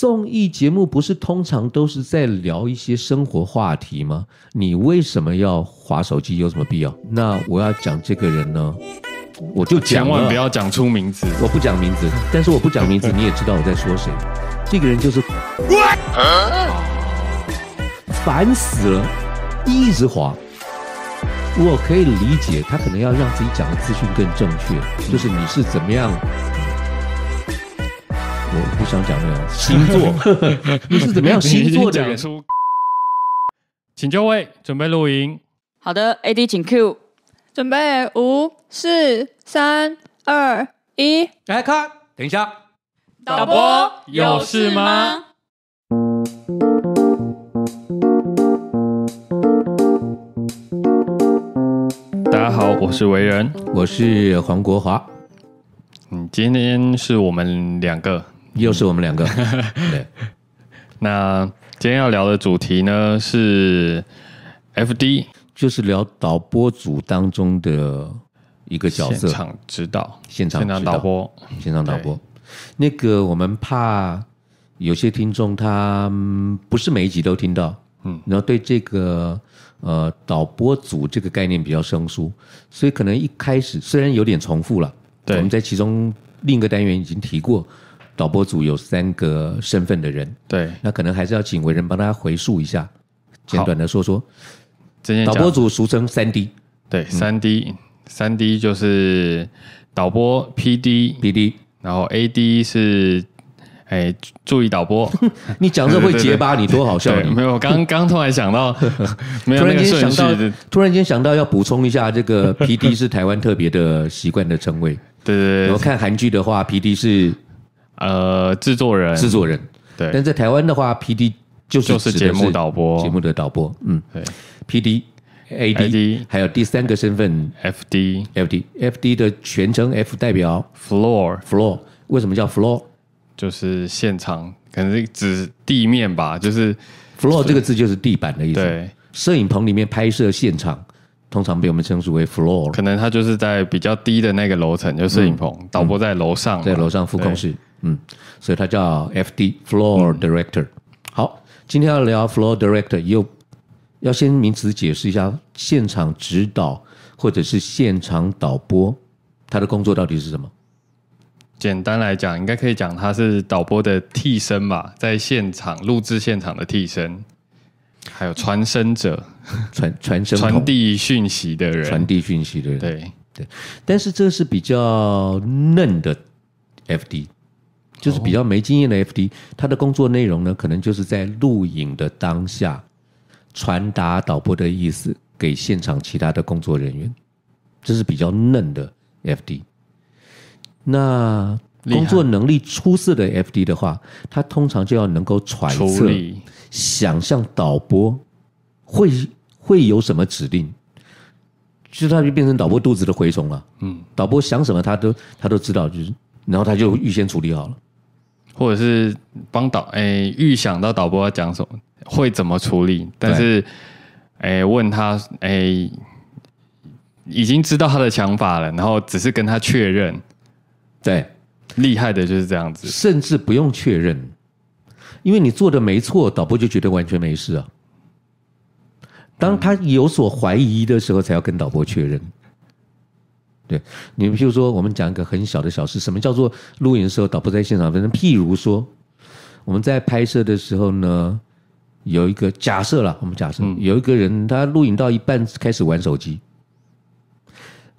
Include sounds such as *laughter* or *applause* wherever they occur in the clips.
綜藝節目不是通常都是在聊一些生活話題嗎？你為什麼要滑手機？有什麼必要？那我要講這個人呢，我就講，千萬不要講出名字，我不講名字， *laughs* 但是我不講名字你也知道我在說誰。這個人就是，啊，煩死了，一直滑。我可以理解他可能要讓自己講的資訊更正確，就是你是怎麼樣。我不想講那種星新座， *laughs* 你是怎麼樣星座講書 *noise* 請就位，準備錄影。好的，A D，請 Q，準備五、四、三、二、一。來看，等一下，導播，導播有事嗎？事嗎？大家好，我是唯仁，我是黃國華。嗯，今天是我們兩個。又是我們兩個。 *laughs* 對，那今天要聊的主題呢是 FD，就是聊導播組當中的一個角色——現場指導、現場導、現場導播、現場導播。對那個我們怕有些聽眾他不是每一集都聽到，嗯，然後對這個呃導播組這個概念比較生疏，所以可能一開始雖然有點重複了，對，我們在其中另一個單元已經提過。導播組有三個身份的人，對，那可能還是要請唯仁幫大家回溯一下，簡短的說說。導播組俗稱三 D，對，三 D，三 D 就是導播 P D P D。然後 A D 是哎助理導播，你講這會結巴，你多好笑！沒有，剛剛突然想到，突然間想到，突然間想到要補充一下，這個 P D 是台灣特別的習慣的稱謂。對對，我看韓劇的話，P D 是。呃，製作人，製作人，對。但在台灣的話，P.D. 就是節目導播，節目的導播，嗯，對。P.D. A.D. 還有第三個身份，F.D. F.D. F.D. 的全稱 F 代表 floor，floor 為什麼叫 floor？就是現場，可能是指地面吧。就是 floor 這個字就是地板的意思。對，攝影棚裡面拍攝現場，通常被我們稱之為 floor，可能它就是在比較低的那個樓層，就是攝影棚。導播在樓上，在樓上副控室。嗯，所以他叫 F D Floor Director。嗯、好，今天要聊 Floor Director，又要先名詞解釋一下，現場指導或者是現場導播，他的工作到底是什麼？簡單來講，應該可以講他是導播的替身嘛，在現場錄製現場的替身，還有傳聲者，傳傳聲傳遞訊息的人，傳遞訊息的人，對對。但是這是比較嫩的 F D。就是比較沒經驗的 FD，他的工作內容呢，可能就是在錄影的當下傳達導播的意思給現場其他的工作人員，這是比較嫩的 FD。那工作能力出色的 FD 的話，厲害。他通常就要能夠揣測、出力。想象導播會會有什麼指令，就是他就變成導播肚子的蛔蟲了。嗯，導播想什麼，他都他都知道，就是然後他就預先處理好了。或者是幫導哎預、欸、想到導播要講什麼會怎麼處理，但是哎對、欸、問他哎、欸、已經知道他的想法了，然後只是跟他確認。嗯、對，厲害的就是這樣子，甚至不用確認，因為你做得沒錯，導播就覺得完全沒事啊。當他有所懷疑的時候，才要跟導播確認。對，你們譬如說，我們講一個很小的小事，什麼叫做錄影的時候導播在現場？反正譬如說，我們在拍攝的時候呢，有一個假設啦，我們假設、嗯、有一個人他錄影到一半開始玩手機，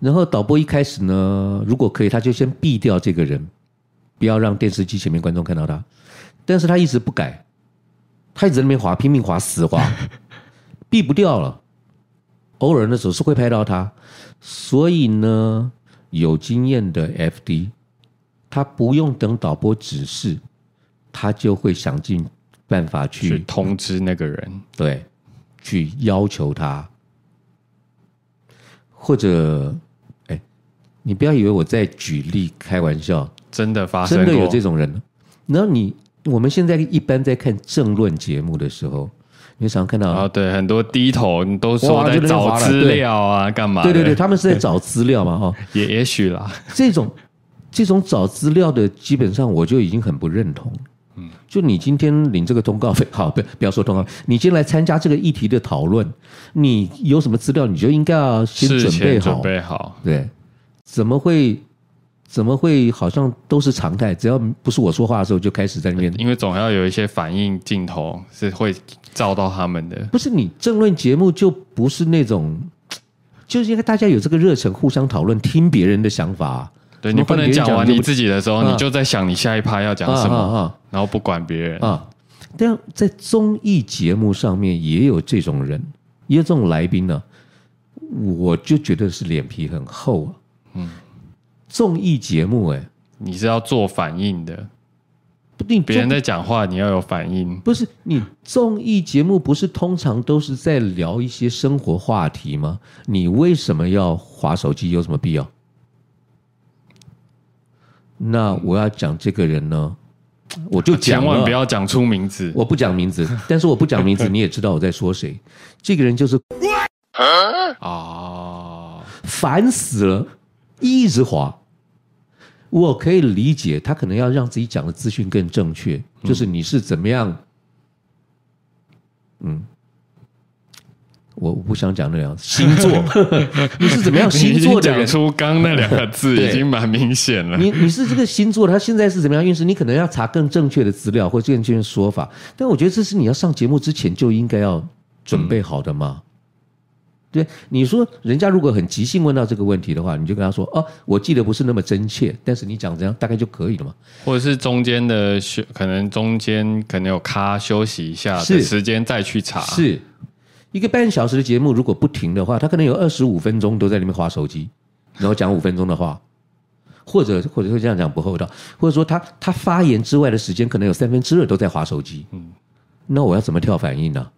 然後導播一開始呢，如果可以，他就先避掉這個人，不要讓電視機前面觀眾看到他，但是他一直不改，他一直在那邊滑，拼命滑，死滑， *laughs* 避不掉了，偶爾的時候是會拍到他。所以呢，有經驗的 FD，他不用等導播指示，他就會想盡辦法去，去通知那個人，對，去要求他，或者，哎、欸，你不要以為我在舉例、嗯、開玩笑，真的發生過，真的有這種人。然後你我們現在一般在看政論節目的時候，你常看到啊，oh, 對，很多低頭，你都說在找資料啊，幹嘛？對，對對對，他們是在找資料嘛，哈， *laughs* 也也許啦。這種這種找資料的，基本上我就已經很不認同。嗯，就你今天領這個通告費，好，不，不要說通告，你今天來參加這個議題的討論，你有什麼資料，你就應該要先準備好，準備好，對，怎麼會？怎麼會好像都是常態？只要不是我說話的時候，就開始在那邊，因為總要有一些反應鏡頭是會照到他們的。不是你政論節目就不是那種，就是因為大家有這個熱忱，互相討論，聽別人的想法、啊。對，講你不能講完你自己的時候，就不啊、你就在想你下一趴要講什麼，啊啊啊、然後不管別人啊。但在綜藝節目上面也有這種人，也有這種來賓呢、啊，我就覺得是臉皮很厚啊。嗯。綜藝節目哎、欸，你是要做反應的，不定別人在講話，你要有反應。不是，你綜藝節目不是通常都是在聊一些生活話題嗎？你為什麼要滑手機？有什麼必要？那我要講這個人呢，我就講，千萬不要講出名字，我不講名字，但是我不講名字 *laughs* 你也知道我在說誰。這個人就是啊，煩死了，一直滑。我可以理解，他可能要讓自己講的資訊更正確。嗯、就是你是怎麼樣，嗯，我我不想講那兩個字，星座，你 *laughs* 是怎麼樣星座的人？講出剛那兩個字已經蠻明顯了。 *laughs* 你你是這個星座，他現在是怎麼樣運勢？你可能要查更正確的資料或更正確說法。但我覺得這是你要上節目之前就應該要準備好的嘛。嗯對，你說人家如果很即興問到這個問題的話，你就跟他說啊、哦，我記得不是那麼真切，但是你講這樣大概就可以了嘛。或者是中間的休，可能中間可能有咖休息一下的時間再去查。是,是一個半小時的節目，如果不停的話，他可能有二十五分鐘都在裡面滑手機，然後講五分鐘的話，或者或者會這樣講不厚道，或者說他他發言之外的時間可能有三分之二都在滑手機。嗯，那我要怎麼跳反應呢、啊？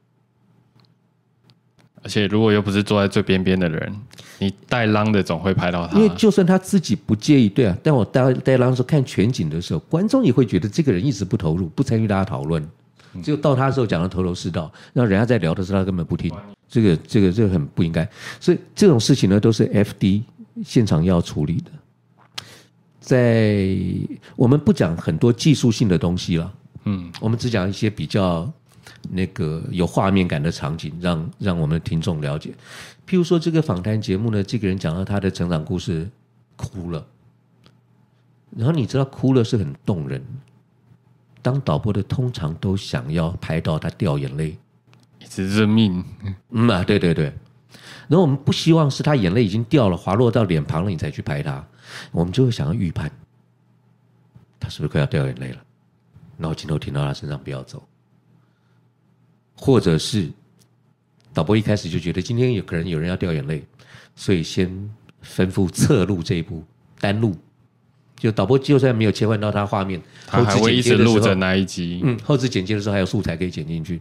而且，如果又不是坐在最邊邊的人，你帶浪的總會拍到他。因為就算他自己不介意，對啊，但我帶帶浪的時候看全景的時候，觀眾也會覺得這個人一直不投入，不參與大家討論。只有到他的時候講的頭頭是道，然後人家在聊的時候他根本不聽。這個這個這個很不應該，所以這種事情呢都是 FD 現場要處理的。在我們不講很多技術性的東西了，嗯，我們只講一些比較。那個有畫面感的場景，讓讓我們的聽眾了解。譬如說，這個訪談節目呢，這個人講到他的成長故事，哭了。然後你知道哭了是很動人。當導播的通常都想要拍到他掉眼淚，這是命。嗯啊，對對對。然後我們不希望是他眼淚已經掉了，滑落到臉龐了，你才去拍他。我們就會想要預判，他是不是快要掉眼淚了？然後鏡頭停到他身上，不要走。或者是導播一開始就覺得今天有可能有人要掉眼淚，所以先吩咐側錄這一步單錄。就導播就算沒有切換到他畫面，他還會一直錄着那一集。嗯，後置剪輯的時候還有素材可以剪進去。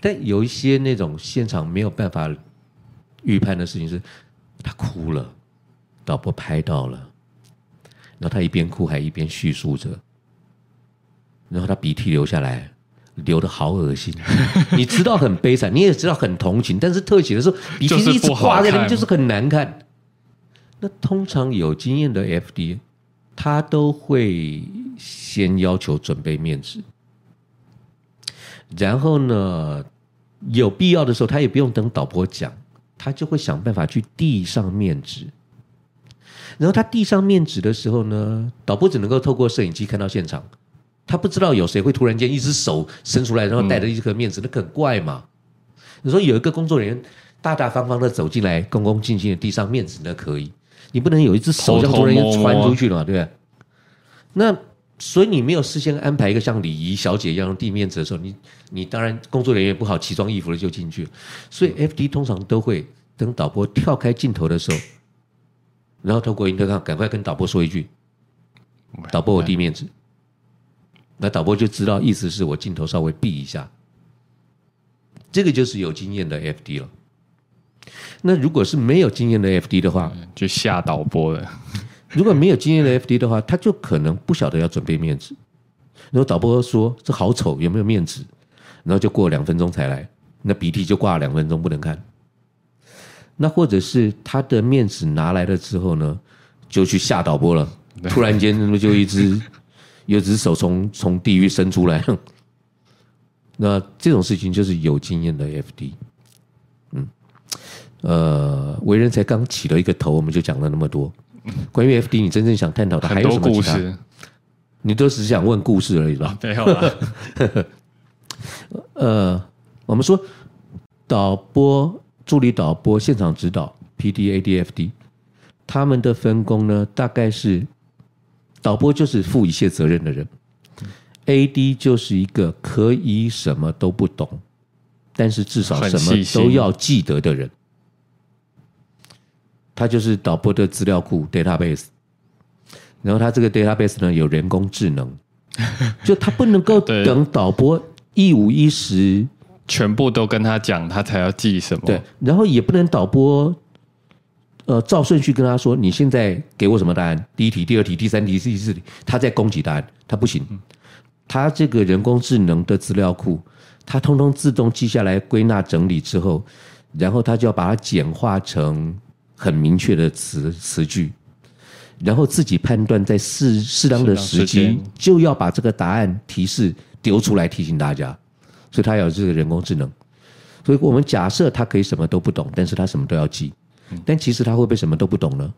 但有一些那種現場沒有辦法預判的事情是，他哭了，導播拍到了，然後他一邊哭還一邊敘述着，然後他鼻涕流下來。流的好噁心，你知道很悲慘，你也知道很同情，但是特寫的時候，你其實一直掛在那裡就是很難看。那通常有經驗的 FD，他都會先要求準備面紙，然後呢，有必要的時候，他也不用等導播講，他就會想辦法去遞上面紙。然後他遞上面紙的時候呢，導播只能夠透過攝影機看到現場。他不知道有誰會突然間一隻手伸出來，然後帶着一顆面子。嗯、那很怪嘛？你說有一個工作人員大大方方的走進來，恭恭敬敬的遞上面子，那可以。你不能有一隻手，讓工作人員穿出去了，頭頭摸摸對不對？那所以你沒有事先安排一個像禮儀小姐一樣遞面子的時候，你你當然工作人員不好奇裝異服的就進去，所以 FD 通常都會等導播跳開鏡頭的時候， *coughs* 然後透過 Intercom，趕快跟導播說一句：“導播，我遞面子。”那導播就知道，意思是我鏡頭稍微避一下，這個就是有經驗的 FD 了。那如果是沒有經驗的 FD 的話，就嚇導播了。如果沒有經驗的 FD 的話，他就可能不曉得要準備面紙。如果導播說這好醜，有沒有面紙？然後就過兩分鐘才來，那鼻涕就掛了兩分鐘不能看。那或者是他的面紙拿來了之後呢，就去嚇導播了。突然間那麼就一隻。有隻手從從地獄伸出來，那這種事情就是有經驗的 FD，嗯，呃，為人才剛起了一個頭，我們就講了那麼多。關於 FD，你真正想探討的還有什麼其他？你都只是想問故事而已吧？沒有了。呃，我們說導播、助理導播、現場指導、PD、AD、FD，他們的分工呢，大概是。導播就是負一切責任的人，嗯、AD 就是一個可以什麼都不懂，但是至少什麼都要記得的人。他就是導播的資料庫 （database）。然後他這個 database 呢，有人工智能， *laughs* 就他不能夠等導播一五一十全部都跟他講，他才要記什麼。對，然後也不能導播。呃，照順序跟他說，你現在給我什麼答案？第一題、第二題、第三題、第四,四題。他在供給答案，他不行。他這個人工智能的資料庫，他通通自動記下來、歸納整理之後，然後他就要把它簡化成很明確的詞詞句，然後自己判斷，在適適當的時機，就要把這個答案提示丟出來提醒大家。所以，他有這個人工智能。所以我們假設他可以什麼都不懂，但是他什麼都要記。嗯，但其實他會不會什麼都不懂呢？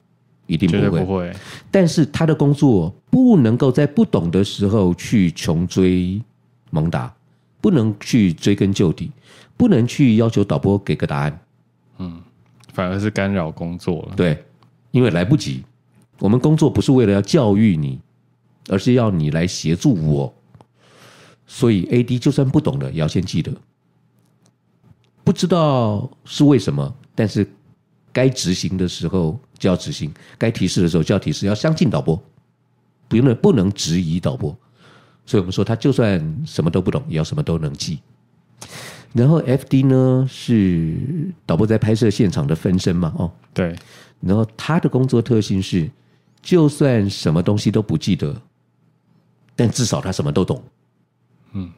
一定不會。不會。但是他的工作不能夠在不懂的時候去窮追猛打，不能去追根究底，不能去要求導播給個答案。嗯，反而是干擾工作了。對，因為來不及。對我們工作不是為了要教育你，而是要你來協助我。所以 AD 就算不懂的也要先記得。不知道是為什麼，但是。該執行的時候就要執行，該提示的時候就要提示。要相信導播，不用不能質疑導播。所以我們說，他就算什麼都不懂，也要什麼都能記。然後 FD 呢，是導播在拍攝現場的分身嘛？哦，對。然後他的工作特性是，就算什麼東西都不記得，但至少他什麼都懂。嗯，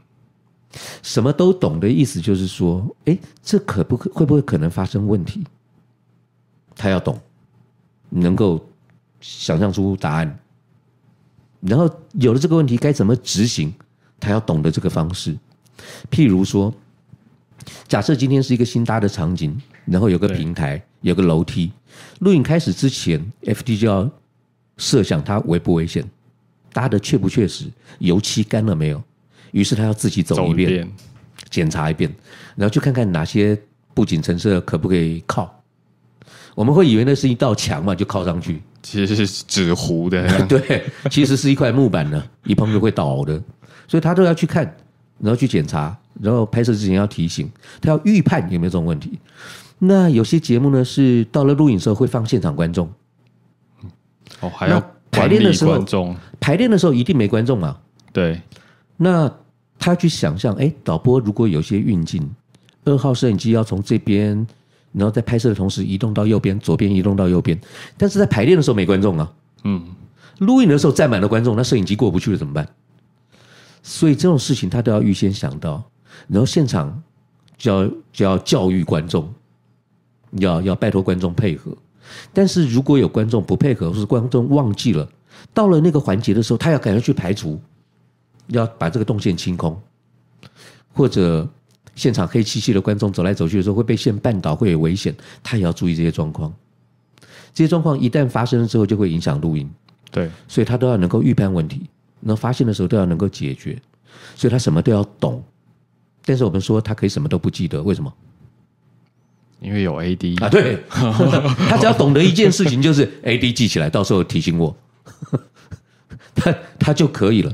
什麼都懂的意思就是說，哎，這可不可會不會可能發生問題？他要懂，能夠想象出答案，然後有了這個問題該怎麼執行，他要懂得這個方式。譬如說，假設今天是一個新搭的場景，然後有個平台，對有個樓梯。錄影開始之前，FD 就要設想它危不危險，搭的確不確實，油漆乾了沒有。於是他要自己走一遍，走一遍，檢查一遍，然後去看看哪些布景陳設可不可以靠。我們會以為那是一道牆嘛，就靠上去。其實是紙糊的， *laughs* 對，其實是一塊木板的，一碰就會倒的。所以他都要去看，然後去檢查，然後拍攝之前要提醒他，要預判有沒有這種問題。那有些節目呢，是到了錄影的時候會放現場觀眾。哦，還要排練的時候，排練的時候一定沒觀眾啊。對，那他去想象，哎，導播如果有些運鏡，二號攝影機要從這邊。然後在拍攝的同時移動到右邊，左邊移動到右邊，但是在排練的時候沒觀眾啊，嗯，錄影的時候站滿了觀眾，那攝影機過不去了怎麼辦？所以這種事情他都要預先想到，然後現場就要就要教育觀眾，要要拜托觀眾配合，但是如果有觀眾不配合或是觀眾忘記了，到了那個環節的時候，他要趕快去排除，要把這個動線清空，或者。現場黑漆漆的，觀眾走來走去的時候會被線絆倒，會有危險，他也要注意這些狀況。這些狀況一旦發生了之後，就會影響錄音。對，所以他都要能夠預判問題，能發現的時候都要能夠解決，所以他什麼都要懂。但是我們說他可以什麼都不記得，為什麼？因為有 AD 啊，對 *laughs* 他只要懂得一件事情就是 AD 記起來， *laughs* 到時候提醒我， *laughs* 他他就可以了。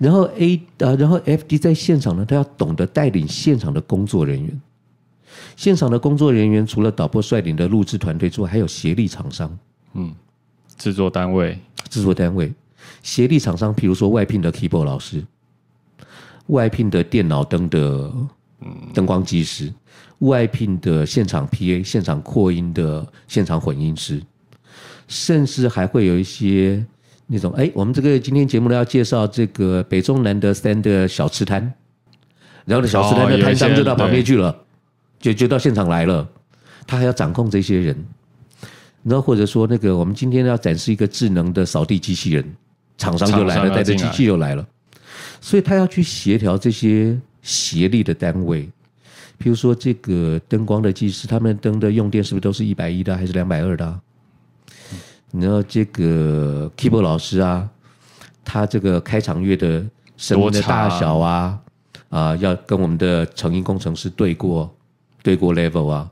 然後 A 呃、啊，然後 FD 在現場呢，他要懂得帶領現場的工作人員。現場的工作人員除了導播率領的錄制團隊之外，還有協力廠商，嗯，制作單位，制作單位，協力廠商，比如說外聘的 keyboard 老師，外聘的電腦燈的燈光技師，外聘的現場 PA，現場擴音的現場混音師，甚至還會有一些。那種哎、欸，我們這個今天節目呢要介紹這個北中南的 Stand 的小吃攤，然後呢，小吃攤的攤商就到旁邊去了，就就到現場來了，他還要掌控這些人。然後或者說那個，我們今天要展示一個智能的掃地機器人，廠商就來了，帶着機器就來了，所以他要去協調這些協力的單位，譬如說這個燈光的技師，他們燈的用電是不是都是一百一的，還是兩百二的、啊？然後這個 keyboard 老師啊，他這個開場樂的聲音的大小啊，啊，啊，要跟我們的成音工程師對過，對過 level 啊，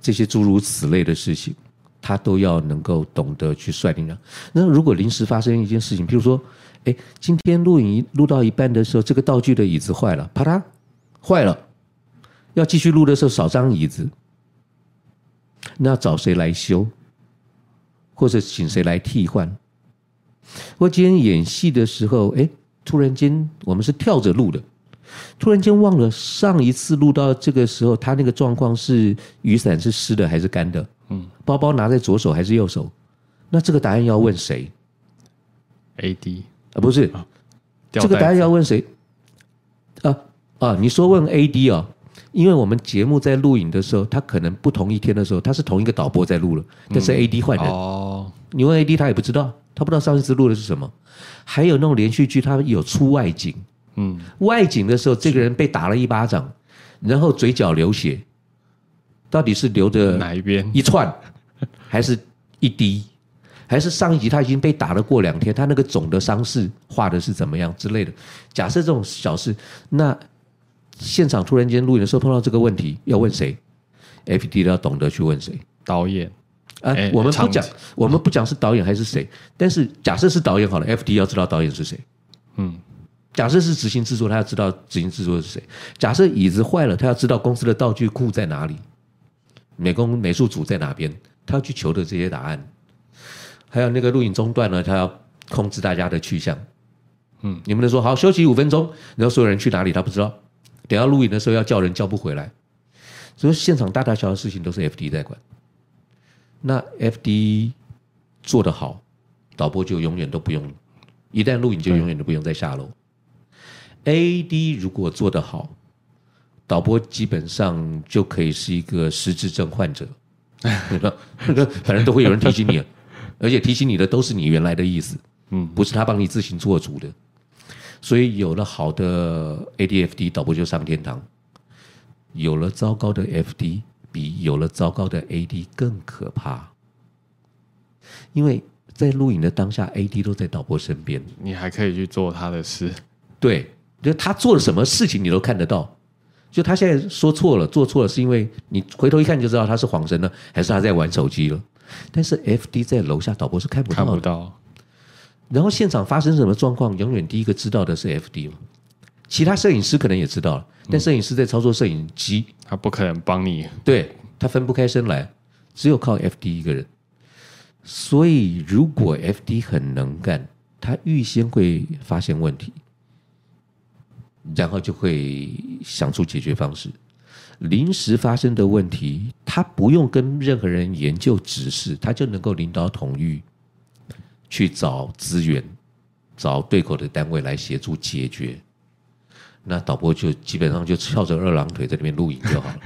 這些諸如此類的事情，他都要能夠懂得去率領呢。那如果臨時發生一件事情，譬如說，哎，今天錄影錄到一半的時候，這個道具的椅子壞了，啪嗒壞了，要繼續錄的時候少張椅子，那要找誰來修？或者請誰來替換？我今天演戲的時候，哎，突然間我們是跳着錄的，突然間忘了上一次錄到這個時候，他那個狀況是雨傘是濕的還是乾的？嗯，包包拿在左手還是右手？那這個答案要問誰？A D 啊，不是，這個答案要問誰？啊啊，你說問 A D 啊，哦，因為我們節目在錄影的時候，他可能不同一天的時候，他是同一個導播在錄了，但是 A D 換人。你問 AD 他也不知道，他不知道上一次錄的是什麼。還有那種連續劇，他有出外景，嗯，外景的時候，這個人被打了一巴掌，然後嘴角流血，到底是流的哪一邊一串，還是一滴，還是上一集他已經被打了過兩天，他那個總的傷勢畫的是怎麼樣之類的？假設這種小事，那現場突然間錄影的時候碰到這個問題，要問誰？FD 都要懂得去問誰？導演。哎，啊、我們不講，我們不講是導演還是誰。但是假設是導演好了，FD 要知道導演是誰。嗯，假設是執行製作，他要知道執行製作是誰。假設椅子壞了，他要知道公司的道具庫在哪裡，美工美術組在哪邊，他要去求的這些答案。還有那個錄影中斷了，他要控制大家的去向。嗯，你們都說好休息五分鐘，然後所有人去哪裡？他不知道。等下錄影的時候要叫人叫不回來，所以現場大大小小的事情都是 FD 在管。那 F D 做得好，導播就永遠都不用；一旦錄影就永遠都不用再下樓。嗯、A D 如果做得好，導播基本上就可以是一個失智症患者， *laughs* 有沒有？反正都會有人提醒你， *laughs* 而且提醒你的都是你原來的意思，嗯，不是他幫你自行做主的。所以有了好的 A D F D，導播就上天堂；有了糟糕的 F D。比有了糟糕的 AD 更可怕，因為在錄影的當下，AD 都在導播身邊，你還可以去做他的事。對，就他做了什麼事情，你都看得到。就他現在說錯了、做錯了，是因為你回頭一看就知道他是恍神了，還是他在玩手機了。但是 FD 在樓下，導播是看不到，然後現場發生什麼狀況，永遠第一個知道的是 FD 了其他攝影師可能也知道了，但攝影師在操作攝影機，嗯，他不可能幫你。對，他分不開身來，只有靠 FD 一個人。所以，如果 FD 很能幹，他預先會發現問題，然後就會想出解決方式。臨時發生的問題，他不用跟任何人研究指示，他就能夠領導統御去找資源，找對口的單位來協助解決。那導播就基本上就翹着二郎腿在那邊錄影就好了。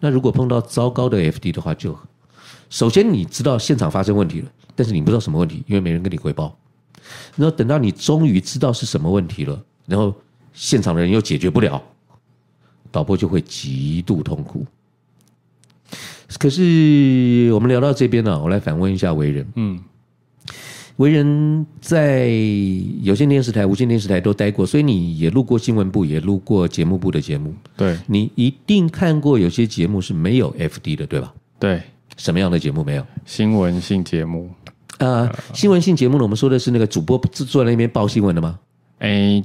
那如果碰到糟糕的 FD 的話，就首先你知道現場發生問題了，但是你不知道什麼問題，因為沒人跟你回報。然後等到你終於知道是什麼問題了，然後現場的人又解決不了，導播就會極度痛苦。可是我們聊到這邊呢，我來反問一下唯仁，嗯。唯仁在有線電視台、無線電視台都待過，所以你也錄過新聞部，也錄過節目部的節目。對，你一定看過有些節目是沒有 FD 的，對吧？對，什麼樣的節目沒有？新聞性節目啊，uh, 新聞性節目呢？我們說的是那個主播坐在那邊報新聞的嗎？哎，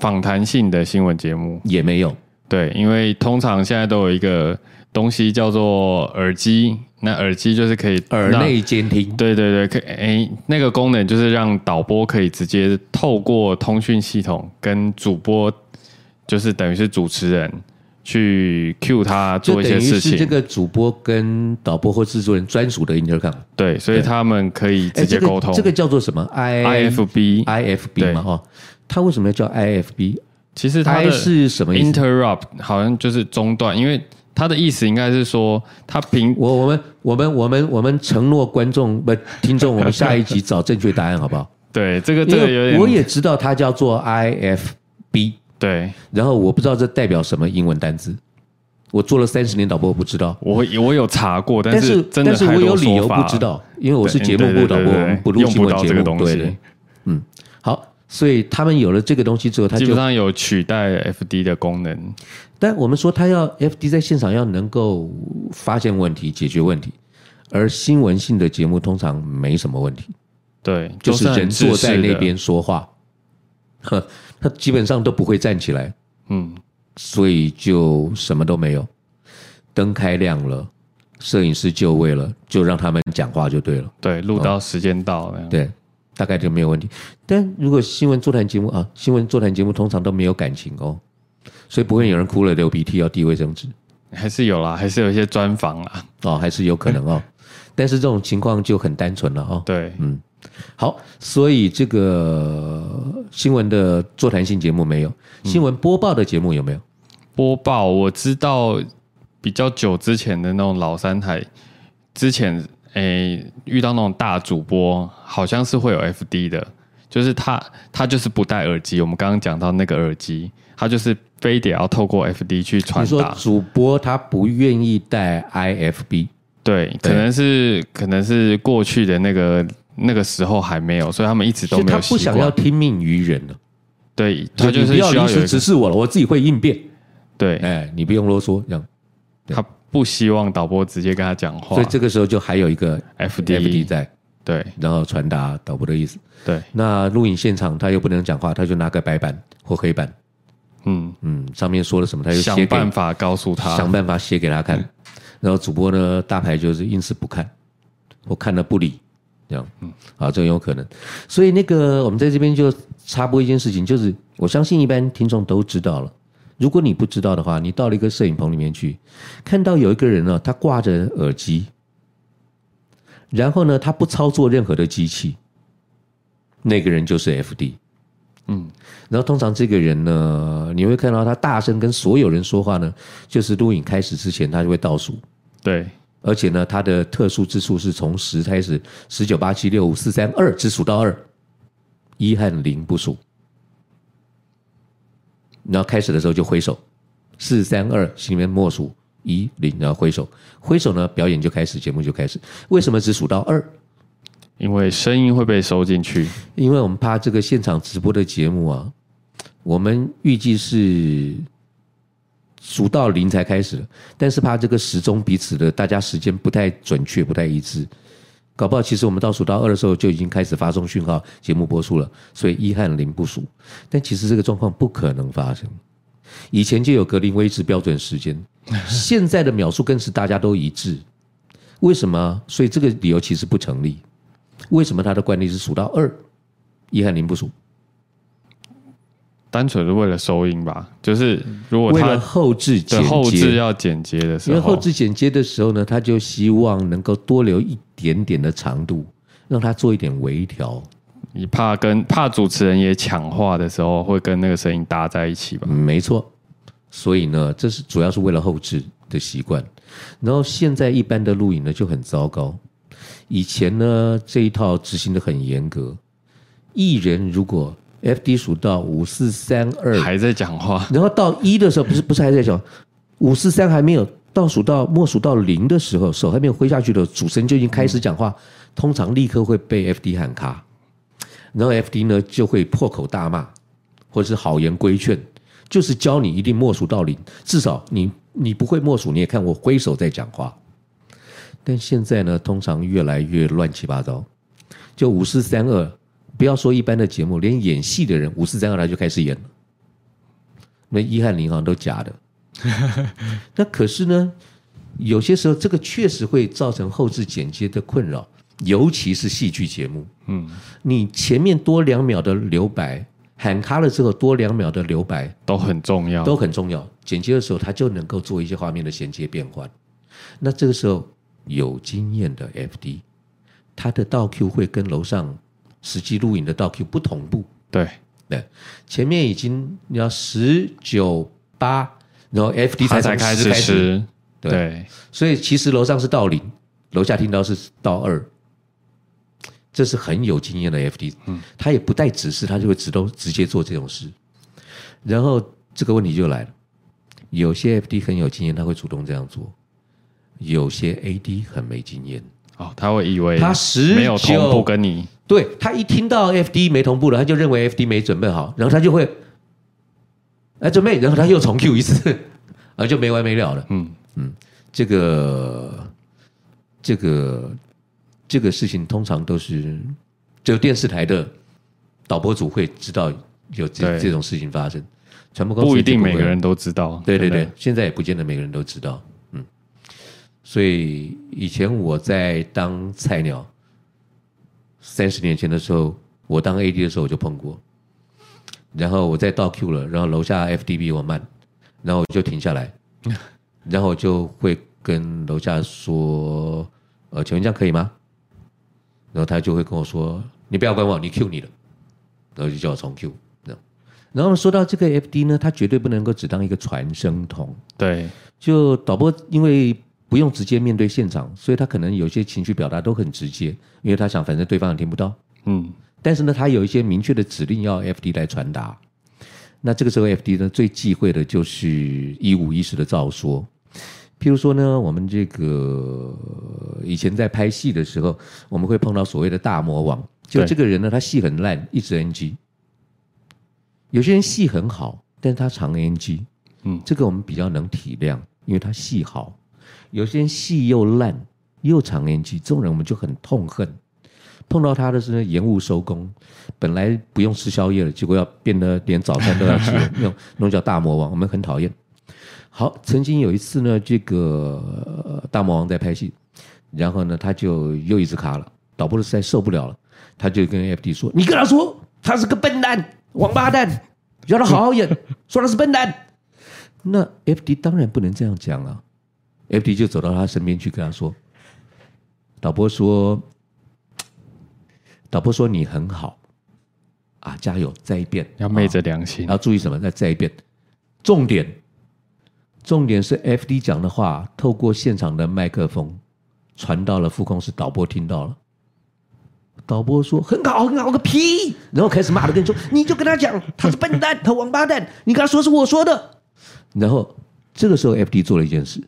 訪談性的新聞節目也沒有。對，因為通常現在都有一個東西叫做耳機。那耳機就是可以耳內監聽，對對對，可、欸、哎，那個功能就是讓導播可以直接透過通訊系統跟主播，就是等於是主持人去 cue 他做一些事情。這個主播跟導播或製作人專屬的 intercom，對，所以他們可以直接溝通、欸這個。這個叫做什麼？I, I F B I F, B, I F B 嗎？哈對，它為什麼要叫 I F B？其實它的是什麼意思？interrupt 好像就是中斷，因為。他的意思應該是說他憑，他憑我我們我們我們我們承諾觀眾不聽眾，我們下一集找正確答案好不好？ *laughs* 對，這個因為 這個有點，我也知道，它叫做 I F B，對。然後我不知道這代表什麼英文單字。我做了三十年導播，我不知道。我我有查過，但是但是我有理由不知道，因為我是節目部導播，對對對對，我們不錄新聞節目，對的。嗯，好，所以他們有了這個東西之後，它就基本上有取代 F D 的功能。但我們說他要 FD 在現場要能夠發現問題、解決問題，而新聞性的節目通常沒什麼問題，對，就是人坐在那邊說話，呵，他基本上都不會站起來，嗯，所以就什麼都沒有，燈開亮了，攝影師就位了，就讓他們講話就對了，對，錄到時間到了，嗯，對，大概就沒有問題。但如果新聞座談節目啊，新聞座談節目通常都沒有感情哦。所以不會有人哭了流鼻涕，要遞衛生紙，還是有啦，還是有一些專訪啦。哦，還是有可能哦， *laughs* 但是這種情況就很單純了哦。對，嗯，好，所以這個新聞的座談性節目沒有，新聞播報的節目有沒有？嗯、播報我知道比較久之前的那種老三台，之前誒、欸、遇到那種大主播，好像是會有 FD 的，就是他他就是不戴耳機，我們剛剛講到那個耳機。他就是非得要透過 F D 去傳達。你說主播他不願意帶 I F B，對，可能是對可能是過去的那個那個時候還沒有，所以他們一直都沒有。他不想要聽命於人。對，他就是要臨時指示我了，我自己會應變。對，哎，你不用囉嗦，這樣。他不希望導播直接跟他講話，所以這個時候就還有一個 F D F D 在對，然後傳達導播的意思。對，那錄影現場他又不能講話，他就拿個白板或黑板。嗯嗯，上面說了什麼，他就想辦法告訴他，想辦法寫給他看。嗯、然後主播呢，大牌就是因此不看，我看了不理，這樣。嗯，好，這有可能。所以那個，我們在這邊就插播一件事情，就是我相信一般聽眾都知道了。如果你不知道的話，你到了一個攝影棚裡面去，看到有一個人呢、哦，他掛着耳機，然後呢，他不操作任何的機器，那個人就是 FD。嗯，然後通常這個人呢，你會看到他大聲跟所有人說話呢，就是錄影開始之前，他就會倒數。對，而且呢，他的特殊之處是從十開始，十九八七六五四三二只數到二，一和零不數。然後開始的時候就揮手，四三二心裡面默數一零，1, 0, 然後揮手，揮手呢表演就開始，節目就開始。為什麼只數到二？因為聲音會被收進去，因為我們怕這個現場直播的節目啊，我們預計是數到零才開始，但是怕這個時鐘彼此的大家時間不太準確，不太一致，搞不好其實我們倒數到二的時候就已經開始發送訊號，節目播出了，所以一和零不數。但其實這個狀況不可能發生，以前就有格林威治標準時間，現在的秒數更是大家都一致，為什麼？所以這個理由其實不成立。為什麼他的慣例是數到二，一和零不數？單純是為了收音吧？就是如果為了後製的後製要剪接的時候，為了後製剪接的時候，因為後製剪接的時候呢，他就希望能夠多留一點點的長度，讓他做一點微調。你怕跟怕主持人也搶話的時候會跟那個聲音搭在一起吧？嗯，沒錯，所以呢，這是主要是為了後製的習慣。然後現在一般的錄影呢就很糟糕。以前呢，這一套執行得很嚴格。藝人如果 FD 數到五四三二還在講話，然後到一的時候，不是不是還在講，五四三還沒有倒數到默數到零的時候，手還沒有揮下去的主持人就已經開始講話，通常立刻會被 FD 喊卡，然後 FD 呢就會破口大罵，或者是好言規勸，就是教你一定默數到零，至少你你不會默數，你也看我揮手在講話。但現在呢，通常越來越亂七八糟，就五四三二，不要說一般的節目，連演戲的人，五四三二來就開始演了，那一和零好像都假的。 *laughs* 那可是呢，有些時候這個確實會造成後置剪接的困擾，尤其是戲劇節目。嗯，你前面多兩秒的留白，喊卡了之後多兩秒的留白都很重要，都很重要。剪接的時候，它就能夠做一些畫面的銜接變換。那這個時候。.有經驗的 FD，他的倒 Q 會跟樓上實際錄影的倒 Q 不同步。對對，前面已經你要十九八，10, 9, 8, 然後 FD 才 10, 才開始開始。10, 對，對，所以其實樓上是到零，樓下聽到是到二，這是很有經驗的 FD。嗯，他也不帶指示，他就會直都直接做這種事。然後這個問題就來了，有些 FD 很有經驗，他會主動這樣做。有些 AD 很沒經驗哦，他會以為他沒有同步跟你，對他一聽到 FD 沒同步了，他就認為 FD 沒準備好，然後他就會來準備，然後他又重 Cue 一次，啊，就沒完沒了了。嗯嗯，這個這個這個事情通常都是就電視台的導播組會知道有這這種事情發生，傳播不一定每個人都知道。對對對，對，現在也不見得每個人都知道。所以以前我在當菜鳥，三十年前的時候，我當 AD 的時候我就碰過，然後我在倒 Q 了，然後樓下 FD 比我慢，然後我就停下來，然後就會跟樓下說：“呃，請問這樣可以嗎？”然後他就會跟我說：“你不要管我，你 Q 你的。”然後就叫我重 Q。然後說到這個 FD 呢，他絕對不能夠只當一個傳聲筒。對，就導播因為。不用直接面對現場，所以他可能有些情緒表達都很直接，因為他想反正對方也聽不到。嗯，但是呢，他有一些明確的指令要 FD 來傳達。那這個時候 FD 呢，最忌諱的就是一五一十的照說。譬如說呢，我們這個以前在拍戲的時候，我們會碰到所謂的大魔王，就這個人呢，他戲很爛，一直 NG。有些人戲很好，但是他常 NG。嗯，這個我們比較能體諒，因為他戲好。有些人戲又爛又長延期，這種人我們就很痛恨。碰到他的時候延誤收工，本來不用吃宵夜了，結果要變得連早餐都要吃。那種那種叫大魔王，我們很討厭。好，曾經有一次呢，這個大魔王在拍戲，然後呢他就又一直卡了，導播實在受不了了，他就跟 F D 說：“你跟他說，他是個笨蛋，王八蛋，叫他好好演， *laughs* 說他是笨蛋。”那 F D 當然不能這樣講啊。F D 就走到他身邊去跟他說：“導播說，導播說你很好，啊，加油，再一遍，要昧着良心，要注意什麼？再再一遍，重點，重點是 F D 講的話，透過現場的麥克風傳到了副控室，導播聽到了。導播說很好，很好個屁！然後開始罵他，跟你說，你就跟他講，他是笨蛋，他王八蛋，你跟他說是我說的。然後這個時候 F D 做了一件事。”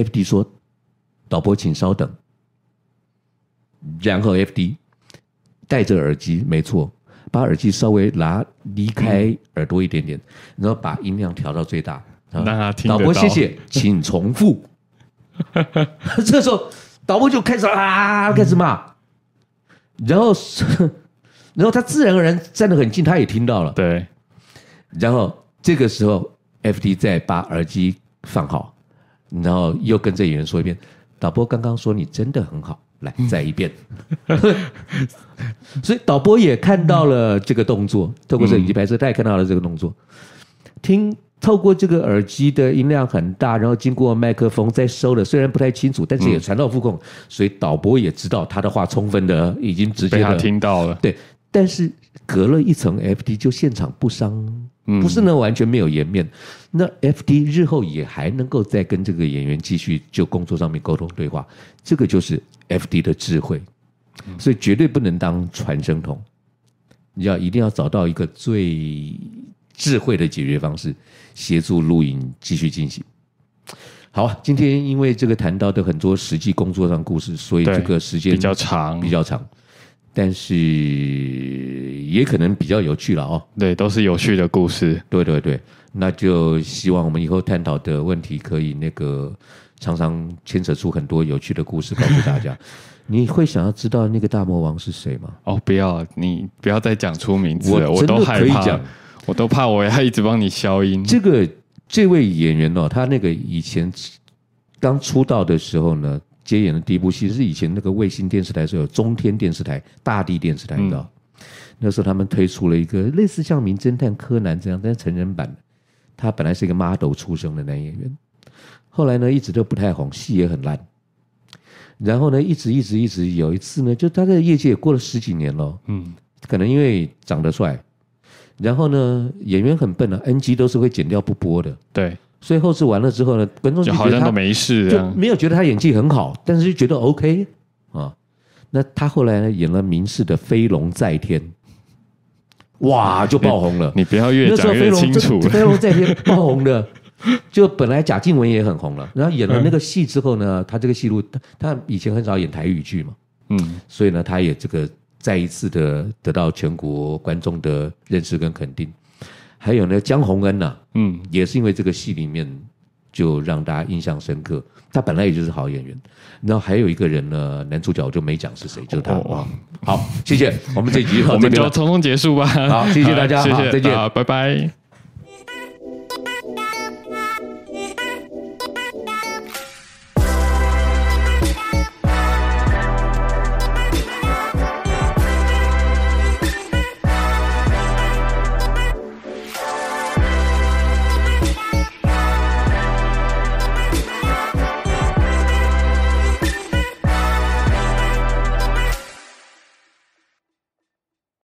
F D 說：“導播，請稍等。”然後 F D 戴着耳機，沒錯，把耳機稍微拿離開耳朵一點點，然後把音量調到最大，讓他聽到。導播，謝謝，請重複。 *laughs* 這時候導播就開始啊，開始罵。然後，然後他自然而然站得很近，他也聽到了。對。然後這個時候，F D 再把耳機放好。然後又跟這演員說一遍，導播剛剛說你真的很好，來再一遍。所以導播也看到了這個動作，透過攝影機拍攝，他也看到了這個動作。聽，透過這個耳機的音量很大，然後經過麥克風再收的，雖然不太清楚，但是也傳到副控，所以導播也知道他的話充分的已經直接聽到了。對，但是隔了一層 FD，就現場不傷。不是，那完全沒有顏面，那 FD 日後也還能夠再跟這個演員繼續就工作上面溝通對話，這個就是 FD 的智慧，所以絕對不能當傳聲筒，你要一定要找到一個最智慧的解決方式，協助錄影繼續進行。好，今天因為這個談到的很多實際工作上故事，所以這個時間比較長，比較長。但是也可能比較有趣了哦，對，都是有趣的故事。對對對，那就希望我們以後探討的問題可以那個常常牽扯出很多有趣的故事告訴大家。你會想要知道那個大魔王是誰嗎？哦，不要，你不要再講出名字了，我都害怕，我都怕我要一直幫你消音。這個這位演員呢，哦，他那個以前剛出道的時候呢。接演的第一部戲是以前那個衛星電視台，說有中天電視台、大地電視台，你知道？嗯、那時候他們推出了一個類似像《名偵探柯南》這樣，但是成人版。他本來是一個 model 出身的男演員，後來呢一直都不太紅，戲也很爛。然後呢一直一直一直，有一次呢，就他在業界也過了十幾年了，嗯，可能因為長得帥，然後呢演員很笨啊，NG 都是會剪掉不播的，對。所以後世完了之後呢，觀眾就好像都沒事，就沒有覺得他演技很好，好但是就覺得 OK 啊、哦。那他後來呢演了民視的《飛龍在天》，哇，就爆紅了。你，你不要越講越清楚，飛《飛龍在天》爆紅的，就本來賈靜雯也很紅了。然後演了那個戲之後呢，嗯、他這個戲路，他他以前很少演台語劇嘛，嗯，所以呢，他也這個再一次的得到全國觀眾的認識跟肯定。還有呢，江宏恩吶、啊，嗯，也是因為這個戲裡面就讓大家印象深刻。他本來也就是好演員，然後還有一個人呢，男主角我就沒講是誰，就是他啊。好，謝謝，我們這集我們就匆匆結束吧。好，謝謝大家，好，再見，好，拜拜。